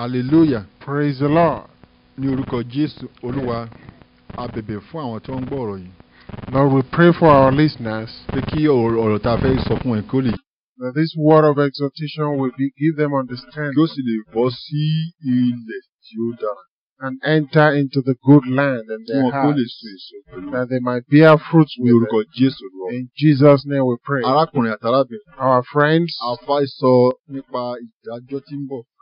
hallelujah praise the lord. ní orúkọ jésù olúwa a fún àwọn tó ń gbọ́ ọ̀rọ̀ yìí. Lord, we pray for our listeners. pé kí ọ̀rọ̀ tá a fẹ́ sọ fún ẹ̀ lè. that this word of exhortation will be, give them understanding. kí ó sì lè bọ́ sí ilẹ̀ tí ó dára. and enter into the good land and their hearts, that they might bear fruits with In Jesus' name we pray. Our friends,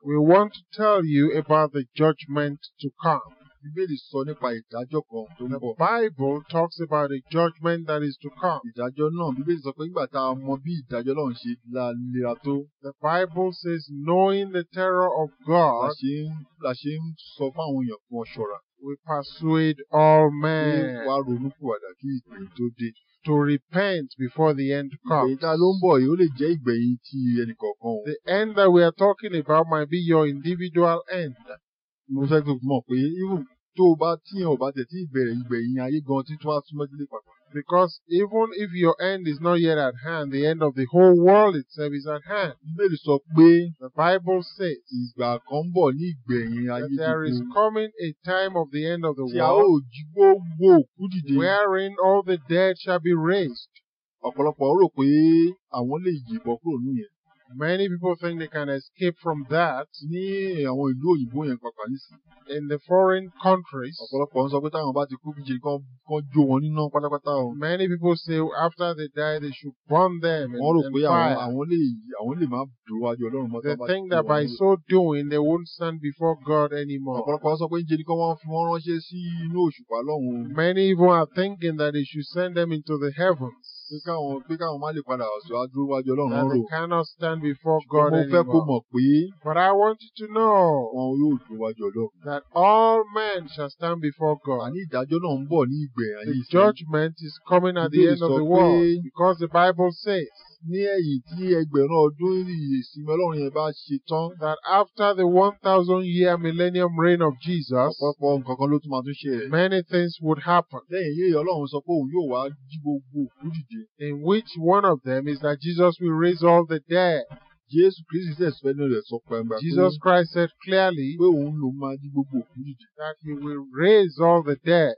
we want to tell you about the judgment to come. Bíbélì sọ nípa ìdájọ́ kan tó ń bọ̀. Bible talks about the judgment that is to come. Ìdájọ́ náà Bíbélì sọ pé nígbà tá a mọ bí ìdájọ́ náà ṣe lera tó. The Bible says knowing the terror of God. La ṣe ń sọ fún àwọn èèyàn kan ṣọ́ra. We persuade all men. Ní wàá ronú kùwàdà kí ìpè tó dé to repent before the end comes. Ìgbẹ̀yìn ló ń bọ̀ yìí ó lè jẹ́ ìgbẹ̀yìn ti ẹnìkọ̀ọ̀kan o. The end that we are talking about might be your individual end mo fẹ́ kí mọ̀ pé even tó o bá tíyàn ò bá tẹ̀ tí ìbẹ̀rẹ̀ ìgbẹ̀yìn ayé gan títún á súnmọ́ délé pàpà. Because even if your end is not yet at hand, the end of the whole world itself is at hand. Bíbélì sọ pé the Bible says ìgbà kan bọ̀ ní ìgbẹ̀yìn ayé tuntun. That there is coming a time of the end of the world. Tí a ó jí gbogbo òkú dìde. Wherein all the dead shall be raised. Ọ̀pọ̀lọpọ̀ rò pé àwọn lè yìnbọn kúrò nìyẹn. Many people think they can escape from that. In the foreign countries. Many people say after they die they should burn them in fire. They think that by so doing they won't stand before God anymore. Many even are thinking that they should send them into the heavens. Bí That they cannot stand before God anymore. But I want you to know. That all men shall stand before God. The judgment is coming at the end of the world because the Bible says ní ẹ̀yìn tí ẹgbẹ̀rún ọdún ìsinmi ọlọ́run yẹn bá ṣe tán. that after the one thousand year millennium reign of Jesus. nǹkan ló tún máa tún ṣe. many things would happen. lẹ́yìn ọlọ́run sọ pé òun yóò wá jí gbogbo òkú dìde in which one of them is that Jesus will raise all the dead. Jesus Christ said clearly. That he will raise all the dead.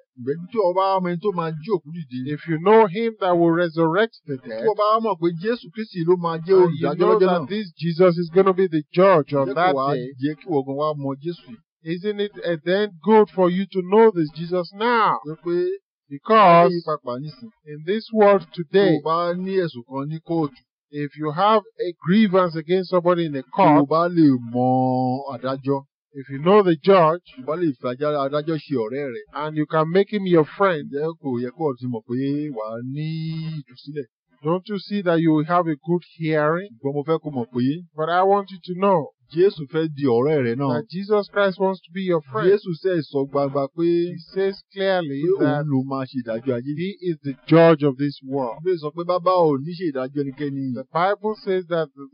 If you know him that will resurrect the dead. Tí You know that this Jesus is gonna be the judge on that day. Jésù. Isn't it eh, then good for you to know this Jesus now? Because in this world today, if you have a grievance against somebody in a court, if you know the judge, and you can make him your friend, Don't you see that you have a good hearing? mo fẹ́ kó mọ̀ pé. But I want you to know. Jésù fẹ́ di ọ̀rẹ́ rẹ náà. That Jesus Christ wants to be your friend. Jésù sẹ́ sọ gbangba pé. He says clearly that. pé òun ló máa ṣe ìdájọ́ ayé. He is the judge of this world. Bí sọ pé bàbá ò ní ṣe ìdájọ́ ẹnikẹ́ni. The Bible says that the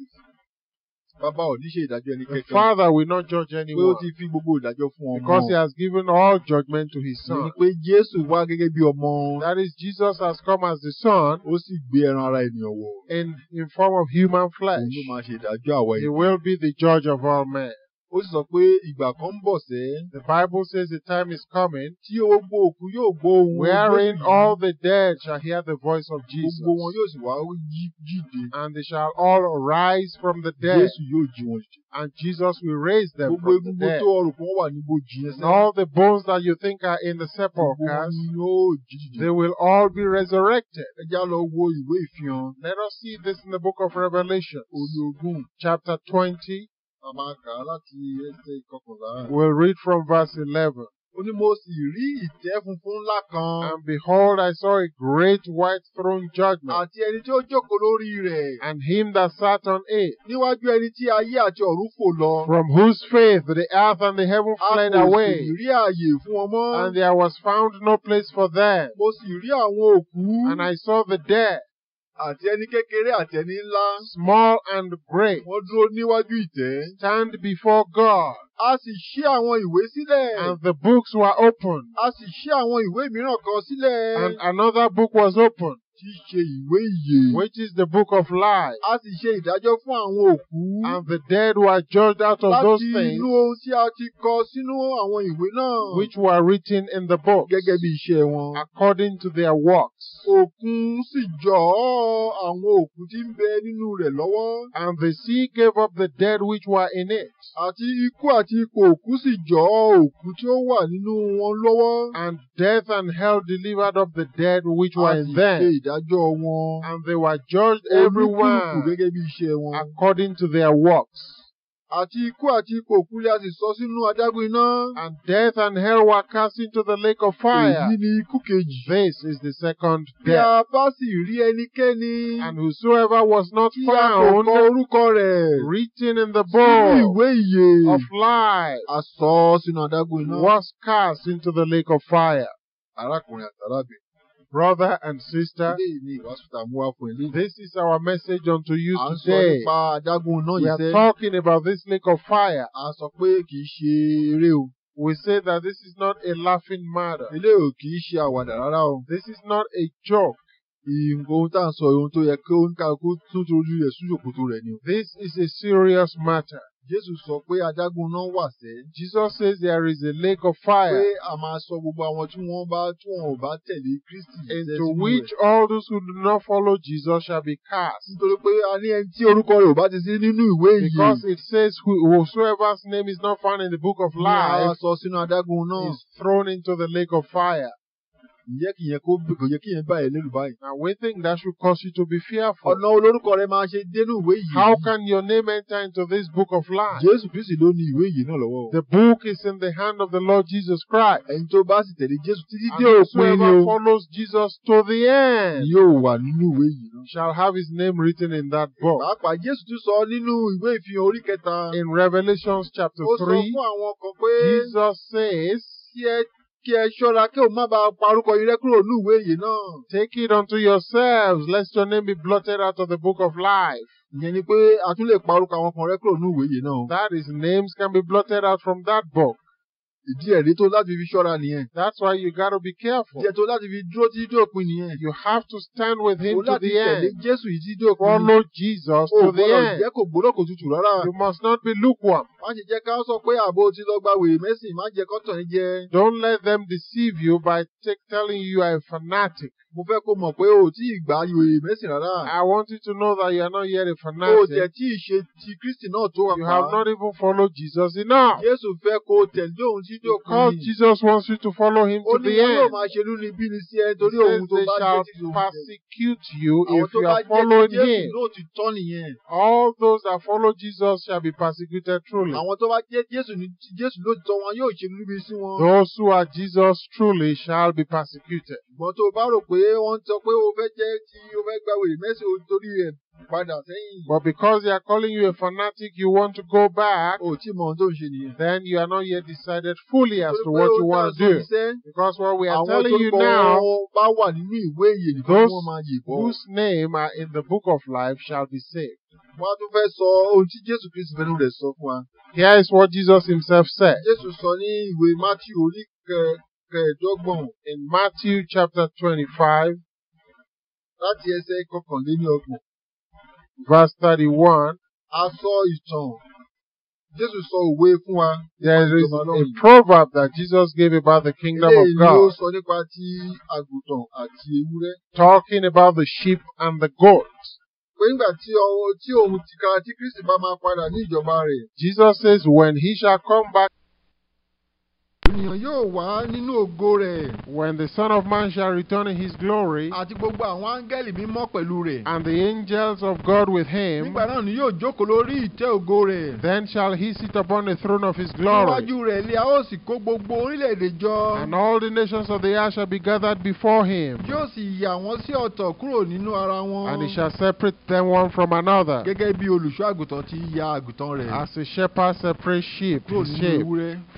Bàbá ìdájọ́ The father will not judge anyone. Pé ó ti fi gbogbo ìdájọ́ fún ọmọ. Because he has given all judgment to his son. Ní pé Jésù wá gẹ́gẹ́ bí ọmọ. That is Jesus has come as the son. Ó sì gbé ẹran ara ènìyàn wọ̀. In in form of human flesh. Òun ló máa ṣe ìdájọ́ àwa ènìyàn. He will be the judge of all men ó sì sọ pé ìgbà kan ń bọ̀ sẹ́. the bible says the time is coming. tí òkú yóò gbọ́ wherein all the dead shall hear the voice of Jesus. gbogbo wọn yóò sì wá jíde. and they shall all rise from the dead. Jésù yóò jí wọn jí. and Jesus will raise them from the dead. gbogbo egungun tó ọrùn kan wà all the bones that you think are in the sepulchres. gbogbo yóò they will all be resurrected. ẹ já lọ wo ìwé ìfihàn. let us see this in the book of Revelation. chapter twenty. We'll read from verse 11. And behold, I saw a great white throne judgment. And him that sat on it. From whose face the earth and the heaven fled away. And there was found no place for them. And I saw the dead. àti ẹni kékeré àti ẹni ńlá. small and great. wọ́n dúró níwájú ìtẹ́. stand before God. A sì ṣí àwọn ìwé sílẹ̀. And the books were opened. A sì ṣí àwọn ìwé mìíràn kan sílẹ̀. And another book was opened tí ṣe ìwé ìyè. which is the book of life. a sì ṣe ìdájọ́ fún àwọn òkú. and the dead were judged out of those things. láti inú ohun tí a ti kọ sínú àwọn ìwé náà. which were written in the book. gẹ́gẹ́ bí iṣẹ́ wọn. according to their works. Òkun sì jọ àwọn òkú tí ń bẹ nínú rẹ̀ lọ́wọ́. and the sea gave up the dead which were in it. àti ikú àti ipò òkú sì jọ òkú tí ó wà nínú wọn lọ́wọ́. and death and hell delivered up the dead which were in them ìdájọ́ wọn. And they were judged everyone. oníkùnkùn According to their works. Àti ikú àti ipò òkú a sì sọ sínú adágún iná. And death and hell were cast into the lake of fire. Èyí ni ikú kejì. This is the second death. Bí a bá sì rí ẹnikẹ́ni. And whosoever was not found. Tí a kò kọ orúkọ rẹ̀. Written in the book. Sínú ìwé ìyè. Of life. A sọ sínú adágún iná. Was cast into the lake of fire. Arákùnrin àti brother and sister. This is our message unto you today. We are talking about this lake of fire. We say that this is not a laughing matter. This is not a joke. Nǹkan tá à sọ ohun tó yẹ kí ó ń kálukú tún tojú rẹ̀ sójú òkútu rẹ̀ ni. This is a serious matter. Jésù sọ pé adágún náà wà sẹ́. Jesus says there is a lake of fire. Pé a máa sọ gbogbo àwọn tí wọ́n bá tí wọn ò bá tẹ̀lé Kristi. Into which all those who do not follow Jesus shall be cast. Nítorí pé a ní ẹni tí orúkọ rẹ̀ ò bá ti sí nínú ìwé yìí. Because it says whosoever's name is not found in the book of life. Ní àwọn sọ sínú adágún náà. Is thrown into the lake of fire. Now we think that should cause you to be fearful. How can your name enter into this book of life? The book is in the hand of the Lord Jesus Christ. And whoever follows Jesus to the end shall have his name written in that book. In Revelations chapter 3, Jesus says, kí ẹ ṣọ́ra kí o má bàa parúkọ irẹ kúrò ní ìwé yìí náà. Take it unto yourselves, lest your name be blotted out of the book of life. Ìyẹn ni pé a tún lè parúkọ àwọn kan rẹ kúrò ní ìwé yìí náà. That is names can be blotted out from that book ìdí ẹ̀rí tó láti fi ṣọ́ra nìyẹn. that's why you gotta be careful. ìdí ẹ̀tọ́ láti fi dúró títí tó pin nìyẹn. you have to stand with him to the end. o láti tẹ̀lé Jésù yìí títí tó pin. follow Jesus to the end. o gbọ́dọ̀ jẹ́ kó gbóná kó tutù rárá. you must not be lukewarm. má ṣe jẹ́ ká sọ pé àbò ti lọ gba wèrè mẹ́sìn má jẹ́ kó tàn jẹ. don't let them deceive you by telling you are a fanatic. mo fẹ́ kó mọ̀ pé o ò tí ì gba wèrè mẹ́sìn rárá. I want you to know that you are not yet a fanatic. o tẹ̀ tí ì ṣe ti Kristi náà tó wà. you have not even followed Jesus enough. Jésù fẹ́ kó tẹ̀lé òun sí Because mm. Jesus wants you to follow him to the end. He says they shall persecute you if you are following him. All those that follow Jesus shall be persecuted truly. Those who are Jesus truly shall be persecuted. But because they are calling you a fanatic, you want to go back. Oh, then you are not yet decided fully as to what you want to do. Because what we are telling you now, those whose name are in the book of life shall be saved. Here is what Jesus himself said. In Matthew chapter twenty-five. Láti ẹsẹ̀ kọkànléní book. verse thirty one. a sọ ìtàn Jésù sọ òwe fún wa. There is a proverb that Jesus gave about the kingdom of God. Ilé ìlú sọ nípa ti àgùntàn àti ewúrẹ́. Talking about the sheep and the goats. Pé nígbà tí ohun tí òun ti ka tí Kristi bá máa padà ní ìjọba rẹ̀. Jesus says when he shall come back. ènìyàn yóò wá nínú ògo rẹ̀. when the son of man shall return in his glory. àti gbogbo àwọn áńgẹ́lì mímọ́ pẹ̀lú rẹ̀. and the angels of God with him. nígbà náà ni yóò jókòó lórí ìtẹ́ ògo rẹ̀. then shall he sit upon the throne of his glory. níwájú rẹ̀ a ó sì kó gbogbo orílẹ̀-èdè jọ. and all the nations of the earth shall be gathered before him. yóò sì yà wọ́n sí ọ̀tọ̀ kúrò nínú ara wọn. and he shall separate them one from another. gẹ́gẹ́ bí olùṣọ́ àgùntàn ti ya àgùntàn rẹ̀. as a shepherd separates sheep his sheep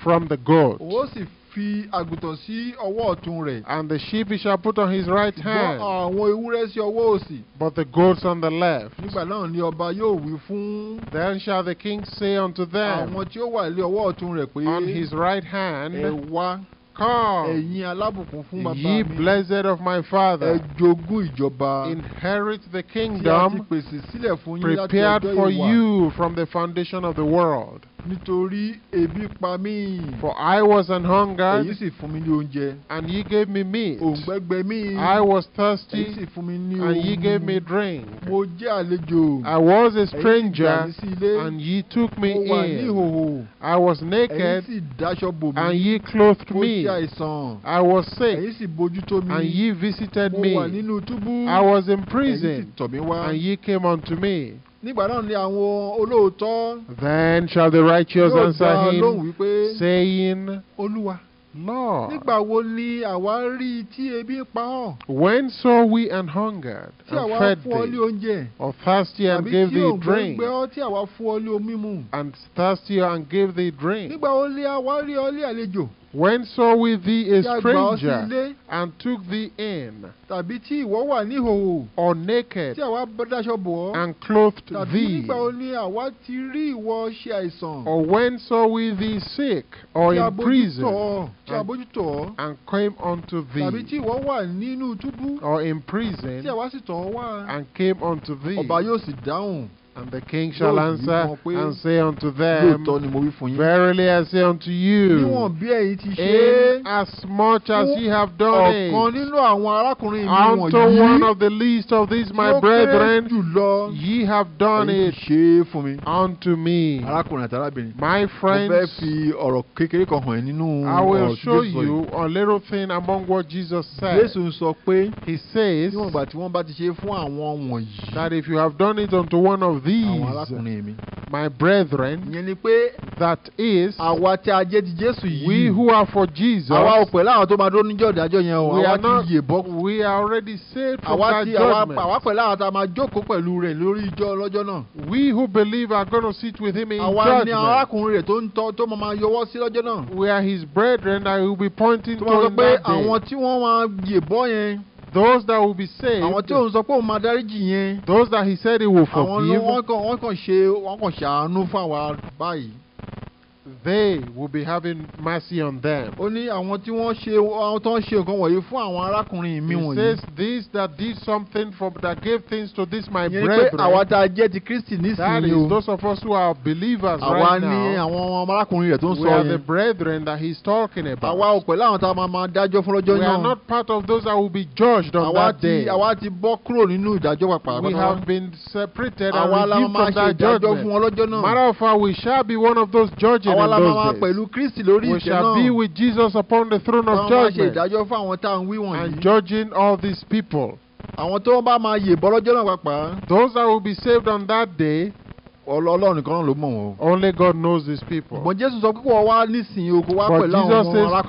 from the goat sì fi àgùntàn sí ọwọ́ ọ̀tún rẹ̀. and the sheep he shall put on his right hand. àwọn ewúrẹ́ sí ọwọ́ òsì. but the goats on the left. nígbà náà ni ọba yóò wí fún. then shall the king say unto them. àwọn tí ó wà ọwọ́ ọ̀tún rẹ̀ pé. on his right hand. ẹ wá. Come, ẹ̀yin alábùkún fún bàbá mi. Ye blessed of my father. Ẹ jogún ìjọba. Inherit the kingdom. Tí a ti pèsè sílẹ̀ fún yín láti ọjọ́ ìwà. Prepared for you from the foundation of the world nítorí ebi pa mí. for I was an hunger. èyí sì fún mi ní oúnjẹ. and He gave me meat. òǹgbẹ mí. I was thirsty. èyí sì fún mi ní and He gave me drink. mo jẹ́ àlejò. I was a stranger. èyí sì mí sí ilé. and He took me in. mo wà ní ìhòhò. I was naked. èyí sì dáṣọ bò mí. and He clothed me. mo jẹ́ àìsàn. I was sick. èyí sì bójútó mi. and He visited me. mo wà nínú túbú. I was in prison. èyí sì tọ̀ mí wá. and He came unto me then shall the righteous answer him saying. Lord. When saw we an hungered and fed thee? Or thirsty and gave thee drink? And thirsty and gave thee drink? When saw we thee a stranger and took thee in, wà or naked, and clothed thee, or when saw we thee sick or in prison, and came unto thee, or in prison, and came unto thee, and the king shall answer and say unto them, Verily I say unto you, as much as ye have done it unto one of the least of these my brethren, ye have done it unto me. My friends, I will show you a little thing among what Jesus said. He says that if you have done it unto one of these, these, my brethren, that is, we who are for Jesus, àwa ò pẹ̀lú we are already saved from that judgment. we who believe are going to sit with him in judgment. we are his brethren that he will be pointing to him. that day those that will be saved. àwọn tí òun sọ pé òun máa dáríjì yẹn. those that he said he will forgive. àwọn ló wọ́n kàn wọ́n kàn ṣe wọ́n kàn ṣàánú fún àwa báyìí. they will be having mercy on them. ó ní àwọn tí wọ́n ṣe àwọn tó ń ṣe nǹkan wọ̀nyí fún àwọn arákùnrin mi wọ̀nyí. he says this that did something from that gave things to this my brethren. yẹn pé àwa tá a jẹ́ ti nísìnyí o. that is those of us who are believers right now. àwa ní àwọn arákùnrin rẹ̀ tó ń sọ yẹn. we are the brethren that he is talking about. àwa ò pẹ̀lú àwọn tá a máa máa dájọ́ fún lọ́jọ́ náà. we are not part of those that will be judged on that day. àwa ti bọ́ kúrò nínú ìdájọ́ pàpà. we have been separated and from that judgment. àwa la máa ṣe ìdájọ́ fún náà. matter of fact we shall be one of those judges àwa we shall be with Jesus upon the throne of judgment. and judging all these people. those that will be saved on that day. ọlọ́run nìkan ló mọ̀ wọn. only God knows these people. ṣùgbọ́n Jésù sọ pé wá nísìnyí oko wá pẹ̀lú àwọn ọmọ arákùnrin. Jesus says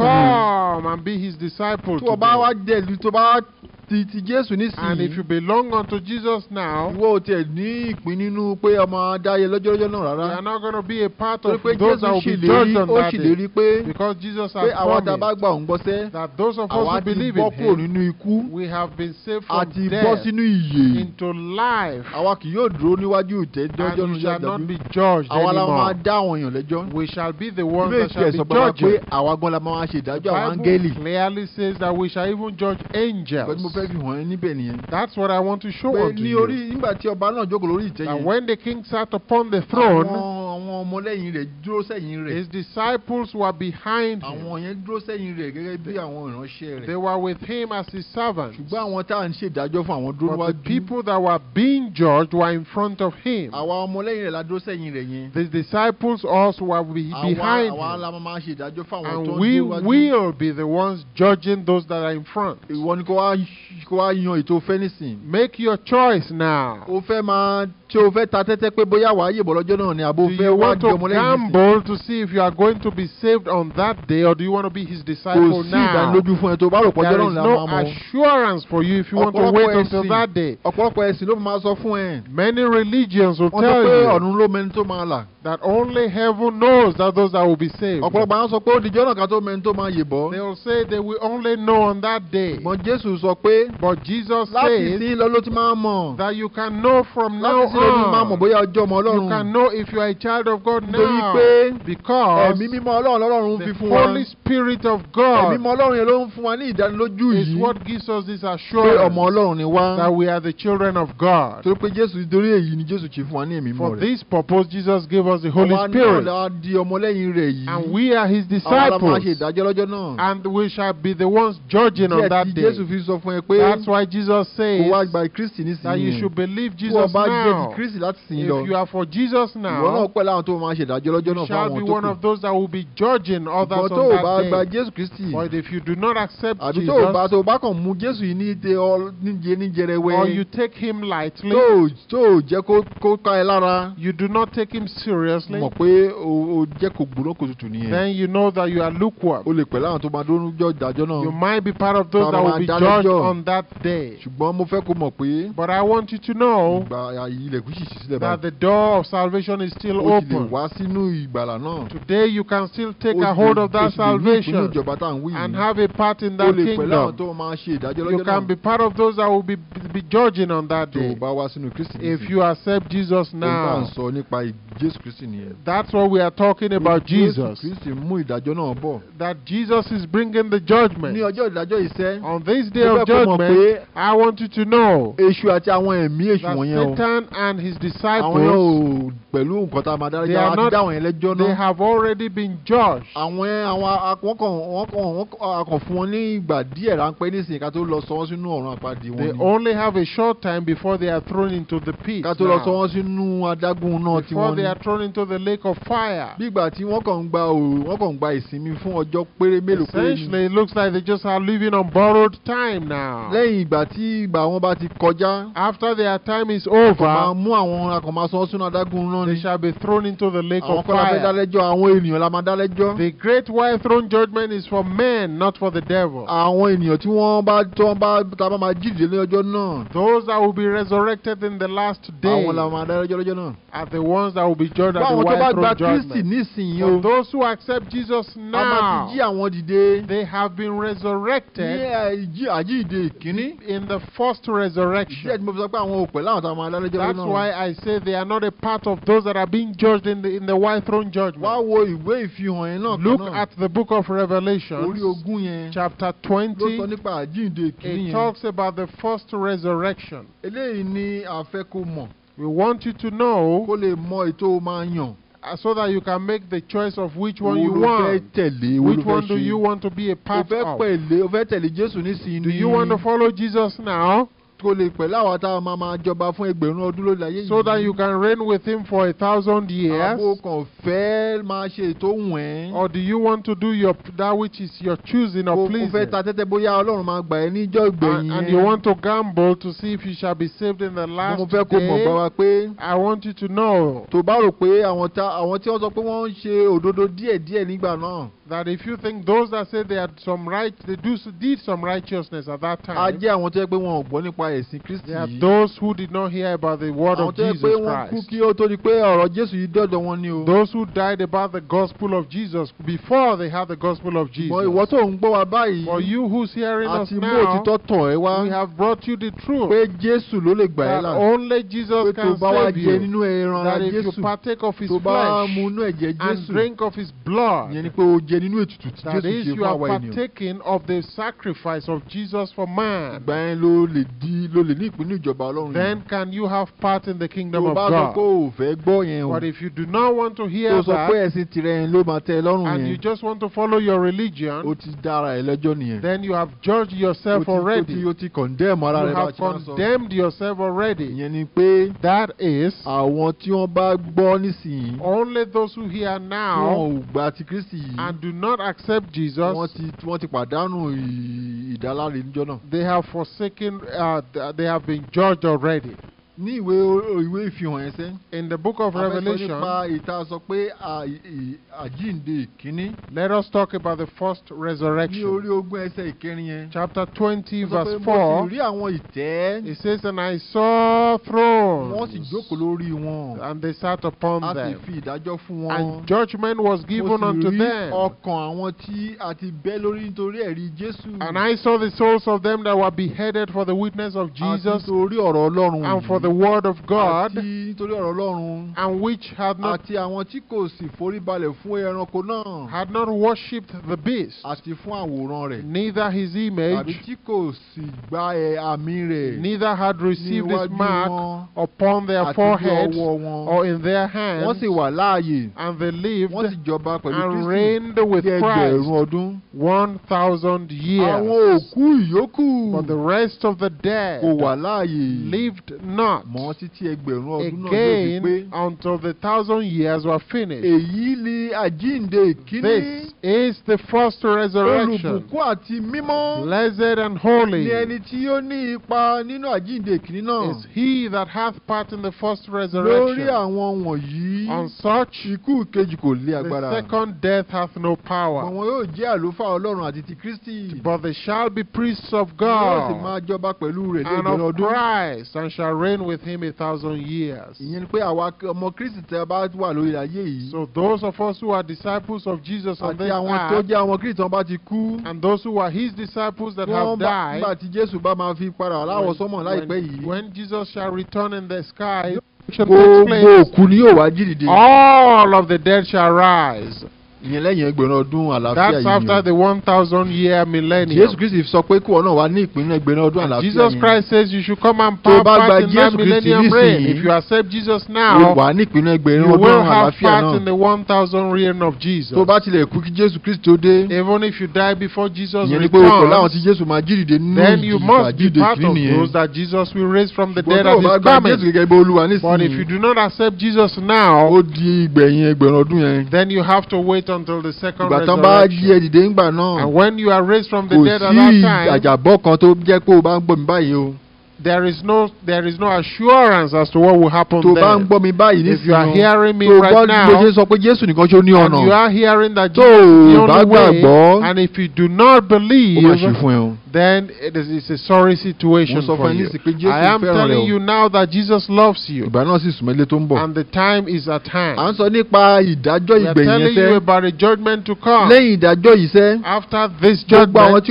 come and be his disciple today. tó o bá wá dẹ̀ tó o bá ti ti Jésù nísìnyí. and if you belong unto Jesus now. ìwọ ò tiẹ̀ ní ìpín nínú pé ọmọ adáyé lọ́jọ́lọ́jọ́ náà rárá. you are not gonna be a part of those that will be judged on that day. ó ṣèlérí pé because Jesus has promised. pé àwọn tá gbà òun gbọ́sẹ́. that those of us who believe in him. àwa ti bọ́ kúrò nínú ikú. we have been saved from death. àti bọ́ sínú ìyè. into life. àwa kì yóò dúró níwájú ìtẹ́jọ́ níjà shall not be judged anymore. àwa la máa dá àwọn èèyàn lẹ́jọ́. we shall be the ones that shall be judged. ìwé ìtẹ̀sọ̀ pé àwa gan la máa ṣe ìdájọ́ àwọn áńgẹ́lì. the bible clearly says that we shall even judge angels. bẹ́ẹ̀ni mo fẹ́ fi hàn ẹ́ níbẹ̀ nìyẹn. that's what I want to show unto you. bẹ́ẹ̀ ni orí nígbà tí ọba náà jókòó lórí ìtẹ́ and when the king sat upon the throne. àwọn rẹ̀ dúró sẹ́yìn rẹ̀. his disciples were behind him. àwọn yẹn dúró sẹ́yìn rẹ̀ gẹ́gẹ́ bí àwọn ìránṣẹ́ rẹ̀. they were with him as his servants. ṣùgbọ́n àwọn tá à ń ṣèdájọ́ fún àwọn dúró wájú. but the people that were being judged were in front of him. àwa rẹ̀ la dúró sẹ́yìn rẹ̀ yẹn. the disciples also were behind him. àwa la máa ṣèdájọ́ fún àwọn tó ń dúró wájú. and we will be the ones judging those that are in front. ìwọ ni kò wá kò wá yan ètò fẹ́ make your choice now. o fẹ́ máa ṣé o fẹ́ ta tẹ́tẹ́ pé bóyá wàá lọ́jọ́ náà ni àbò fẹ́ wá to gamble to see if you are going to be saved on that day or do you want to be his disciple now? There is no assurance for you if you want to wait until that day. Many religions will tell you that only heaven knows that those that will be saved. They will say they will only know on that day. But Jesus says that you can know from now on. You can know if you are a child of of God now. because the holy spirit of God. is what gives us this assurance. that we are the children of God. for this purpose Jesus gave us the holy spirit. and we are his disciples. and we shall be the ones judging on that day. that's why Jesus says. that you should believe Jesus now. if you are for Jesus now tó máa ṣe ìdájọ́ lọ́jọ́ náà fún tó kù. shall be one of those that will be judging others on that day. but tó o bá gba Jésù Kristi. but if you do not accept Jesus. àbí tó o bá tó o bá kàn mú Jésù yìí ní ìdè níje níjẹrẹwẹ. or you take him lightly. tó o tó o jẹ́ kó kó ká ẹ lára. you do not take him seriously. mọ̀ pé o o jẹ́ kó gbóná kó tutù nìyẹn. then you know that you are lukewarm. o lè pẹ̀lú àwọn tó máa dúró níjọ́ ìdájọ́ náà. you might be part of those that will be judged on that day. ṣùgbọ́n mo fẹ́ kó mọ̀ pé. but I want you to know. ìgbà ilẹ̀kùn ṣì ṣí sílẹ̀ báyìí. that the door of salvation is still open. Today you can still take a hold of that salvation and have a part in that kingdom. You can be part of those that will be, be judging on that day. If you accept Jesus now, that's what we are talking about Jesus. That Jesus is bringing the judgment. On this day of judgment, I want you to know that Satan and his disciples they are not they have already been judged. àwọn àwọn kàn wọ́n kàn wọ́n kàn fún wọn ní ìgbà díẹ̀ ráńpẹ́ nísìnyí ká tó lọ sọ wọ́n sínú wọn. they only have a short time before they are thrown into the pit. ká tó lọ sọ wọ́n sínú adágún náà ni. before they are thrown into the lake of fire. bí ìgbà tí wọ́n kàn ń gba òru wọ́n kàn ń gba ìsinmi fún ọjọ́ péré mélòó péré. essentially it looks like they just are living on borrowed time now. lẹ́yìn ìgbà tí ìgbà wọn bá ti kọjá. after their time is over. kò máa mú àwọn akọ̀mọ́sọ́ sínú adágún náà ni. they shall be thrown into the lake of fire. The great white throne judgment is for men, not for the devil. Those that will be resurrected in the last day are the ones that will be judged at the white throne judgment. For those who accept Jesus now, they have been resurrected eh, in the first resurrection. That's why I say they are not a part of those that are being judged in the in the white throne judgment. look at the book of Revelation. chapter twenty. it talks about the first resurrection. we want you to know. Uh, so that you can make the choice of which one you want. Which one do you want to be a part of? Do you want to follow Jesus now? tó lè pẹ̀lú àwọn tá a máa máa jọba fún ẹgbẹ̀rún ọdún lórí ayé yìí. so that you can reign with him for a thousand years. àbò kan fẹ́ máa ṣe tó wùn or do you want to do your that which is your choosing or pleasing. o fẹ́ ta tẹ́tẹ́ bóyá Ọlọ́run máa gbà ẹ́ níjọ́ ìgbẹ̀yìn. and you want to gamble to see if you shall be saved in the last day. mo fẹ́ kó mọ̀ bá wa pé. I want you to know. tó bá rò pé àwọn tí wọ́n sọ pé wọ́n ń ṣe òdodo díẹ̀díẹ̀ nígbà náà. that if you think those that say they had some right they do did some righteousness at that time. a jẹ́ àwọn tó yẹ pé wọn ò gbọ́ nípa ẹ̀sìn Kristi yìí. those who did not hear about the word of Jesus Christ. àwọn tó yẹ pé wọ́n kú kí ó tó di pé ọ̀rọ̀ Jésù yìí dọ̀dọ̀ wọn ni o. those who died about the gospel of Jesus before they had the gospel of Jesus. bọ̀ ìwọ tó ń gbọ́ wa báyìí. for you who's hearing us now. àti mú òtítọ́ tọ̀ ẹ́ wá. we have brought you the truth. pé Jésù ló lè gbà ẹ́ that only Jesus can save you. pé tó bá wa jẹ nínú ẹran ara Jésù. that if you partake of his flesh. tó bá mu inú ẹ̀jẹ̀ Jésù. and drink of his blood. yẹn ni pé o jẹ nínú ètùtù tí Jésù ṣe fún àwa ènìyàn. that is you are partaking of the sacrifice of Jesus for man. ló lè di then can you have part in the kingdom of God. but if you do not want to hear that. and you just want to follow your religion. then you have judged yourself already. you have condemned yourself already. that only those who hear now. and do not accept Jesus. they have forsaken uh, they have been judged already. ní ìwé ìwé ìfihàn ẹsẹ̀. in the book of Revelation. a fẹ́ sọ nípa ìta sọ pé àjíǹde let us talk about the first resurrection. ní orí ogún ẹsẹ̀ ìkẹrin yẹn. chapter twenty verse four. mo ti rí àwọn ìtẹ́. it says and I saw throne and they sat upon them. and judgment was given unto them. and I saw the souls of them that were beheaded for the witness of Jesus. and for the word of God. and which had not. had not worshipped the beast. neither his image. neither had received his mark. Or upon their foreheads or in their hands. and they lived and reigned with Christ one thousand years. but the rest of the dead. lived not. again until the thousand years were finished. this is the first resurrection. blessed and holy. is he that hath part in the first resurrection. on such. the second death hath no power. but they shall be priests of God. and of Christ and shall reign with him a thousand years. so those of us who are disciples of Jesus on this earth. and those who are his disciples that have died. when Jesus shall return in the sky. Gbogbo òkú ni yóò wá jí dìde. All of the dead shall rise. ọdún àlàáfíà yìí. that's after the one thousand year millennium. Jésù Kristi sọ pé kí wọn wà ní ìpínlẹ̀ ọdún àlàáfíà yìí. Jesus Christ says you should come and power part in that millennium reign if you accept Jesus now. wà ní ìpínlẹ̀ ọdún àlàáfíà náà. you will have part in the one thousand reign of Jesus. tó bá tilẹ̀ kú kí Jésù tó dé. even if you die before Jesus returns. ni pé o kò láwọn tí máa nínú ìjìyà then you must be part of those that Jesus will raise from the dead at but if you do not accept Jesus now. then you have to wait until the second ìgbà and when you are raised from the dead at that time there is no there is no assurance as to what will happen tó bá mi báyìí if you are hearing me right now tó and you are hearing that Jesus is the only way and if you do not believe then it is it's a sorry situation for you I am telling you now that Jesus loves you and the time is at hand à ń we are telling you about the judgment to come after this judgment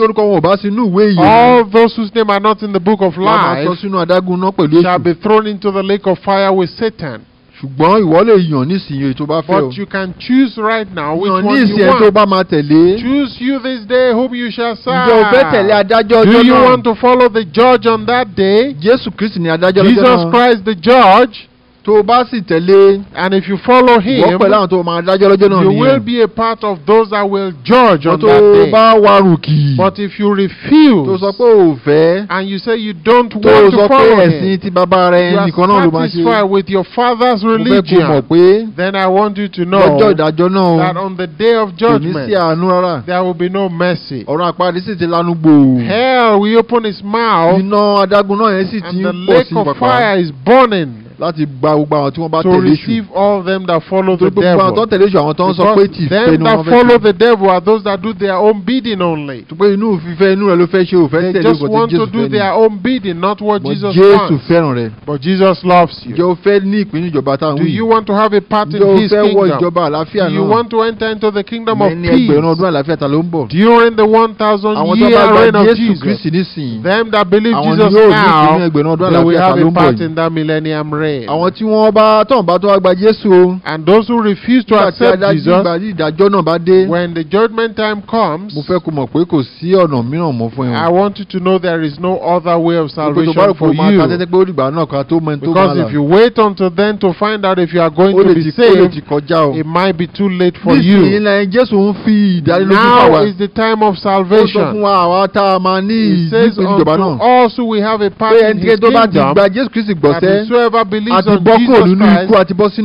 all those whose name are not in the book of life life shall be thrown into the lake of fire with Satan. ṣùgbọ́n ìwọ lè yàn nísìnyí tó bá fẹ́ o. but you can choose right now which one you want. yàn nísìnyí tó bá máa tẹ̀lé. choose you this day whom you shall serve. ǹjẹ́ o fẹ́ tẹ̀lé adájọ́ ọjọ́ náà. do you want to follow the judge on that day? Jésù Kristi ni adájọ́ ọjọ́ náà. Jesus Christ the judge tó o bá sì tẹ̀lé. and if you follow him. wọ́n pẹ̀lú àwọn tó o máa dájọ́ lọ́jọ́ náà nìyẹn. you will be a part of those that will judge on that day. tó o bá but if you refuse. tó o sọ pé o fẹ́. and you say you don't want to follow him. tó o sọ pé ẹ̀sìn ti bàbá rẹ nìkan náà ló máa ṣe. you are satisfied with your father's religion. mo fẹ́ kó mọ̀ pé. then I want you to know. lọ́jọ́ ìdájọ́ náà. that on the day of judgment. kò ní sí àánú rárá. there will be no mercy. ọ̀run àpárí sì ti lanu gbòò. hell will open his mouth. iná adágún náà yẹn sì ti ń pọ̀ sí and the lake of fire is burning láti gba gbogbo àwọn tí wọ́n bá tẹ̀lé èṣù. to receive all them that follow the devil. gbogbo àwọn tó tẹ̀lé èṣù àwọn tó ń sọ pé tì fẹ́ inú wọn fẹ́ ṣe. them that follow the devil are those that do their own bidding only. tó pé inú fífẹ́ inú rẹ ló fẹ́ ṣe ò tẹ̀lé ìgbọ̀tí Jésù fẹ́ ni. they just want to do their own bidding not what Jesus wants. Jésù fẹ́ràn rẹ. but Jesus loves you. ǹjẹ́ o fẹ́ ní ìpín ìjọba táwọn wí. do you want to have a part in his kingdom? ǹjẹ́ o fẹ́ wọ ìjọba àlàáfíà náà? do you want to enter into the kingdom of peace? during the one thousand year them that believe Jesus now they have a part in that millennium reign àwọn tí wọ́n bá tán bá tó wá gba Jésù. and those who refuse to accept Jesus. nígbà tí ìdájọ́ náà bá dé. when the judgment time comes. mo fẹ́ kó mọ̀ pé kò sí ọ̀nà mìíràn mọ́ fún ẹ. I want you to know there is no other way of salvation for you. because if you wait until then to find out if you are going to be saved it might be too late for you. now is the time of salvation. Also, we have a part believes on Jesus Christ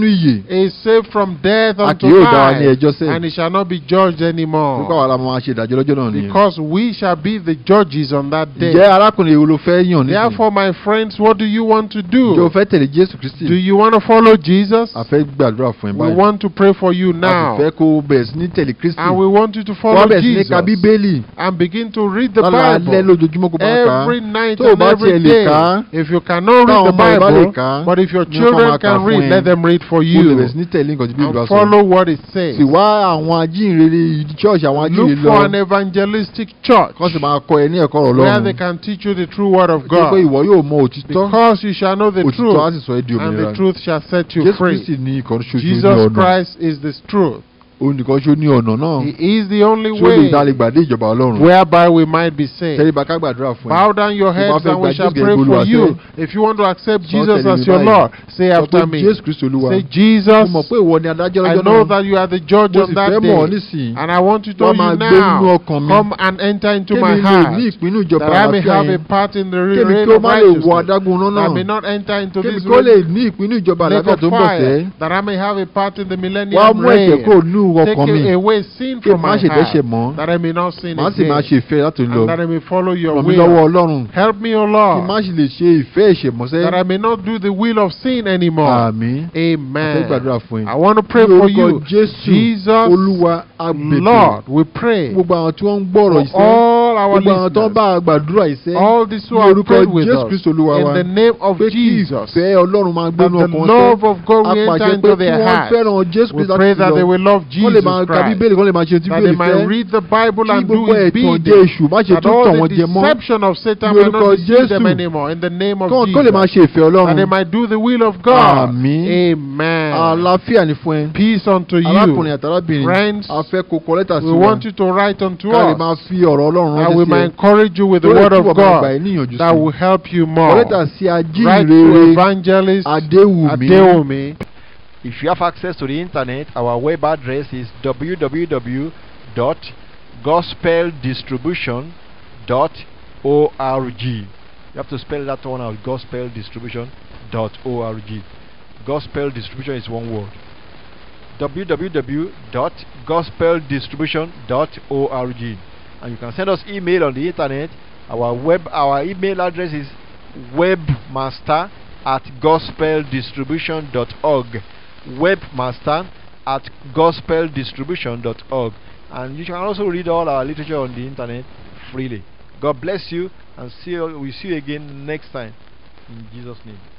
is saved from death unto life, and he shall not be judged anymore. Because we shall be the judges on that day. Therefore, my friends, what do you want to do? Do you want to follow Jesus? We want to pray for you now. And we want you to follow Jesus. And begin to read the Bible every night and every day. If you cannot read the Bible, but if your children can read let them read for you. and follow what it says. sì wá àwọn ajínrere church àwọn ajínrere lọ. look for an evangelistic church. where they can teach you the true word of God. because you shall know the truth. and the truth shall set you free. Jesus Christ is this truth he is the only way. whereby we might be saved. bow down your heads and we shall pray for you. if you want to accept Jesus as your Lord say after me. say Jesus. I know that you are the judge on that day. and I want to tell you now. come and enter into my heart. that I may have a part in the reign of righteousness. that I may not enter into this reign. fire. that I may have a part in the millennium reign olúwo ọkàn mi kí n má ṣe dẹ́ṣẹ̀ mọ́ má sì má ṣe ìfẹ́ láti lọ ràn mí lọ́wọ́ ọlọ́run kí n má ṣe lè ṣe ìfẹ́ ẹ̀ṣẹ̀ mọ́sẹ́. that I may not do the will of sin anymore. amen. I want to pray for you. Jesus Lord we pray. for all all our listeners. all these who have prayed with us. in the name of Jesus. pé that the love of God will enter into their hearts. apàṣẹ pé we pray that they will love Jesus Christ. that they might read the Bible and do his bidding. that all the deception of Satan will not deceive them anymore in the name of Jesus. kọ́ that they might do the will of God. àmín. amen. peace unto you. friends. we want you to write unto us. I will encourage you with the word of God that will help you more. Write to evangelist Adewumi. If you have access to the internet, our web address is www.gospeldistribution.org. You have to spell that one out gospeldistribution.org. Gospel distribution is one word www.gospeldistribution.org and you can send us email on the internet. Our web our email address is webmaster at gospeldistribution.org. Webmaster at gospeldistribution.org. And you can also read all our literature on the internet freely. God bless you and see you, we we'll see you again next time. In Jesus' name.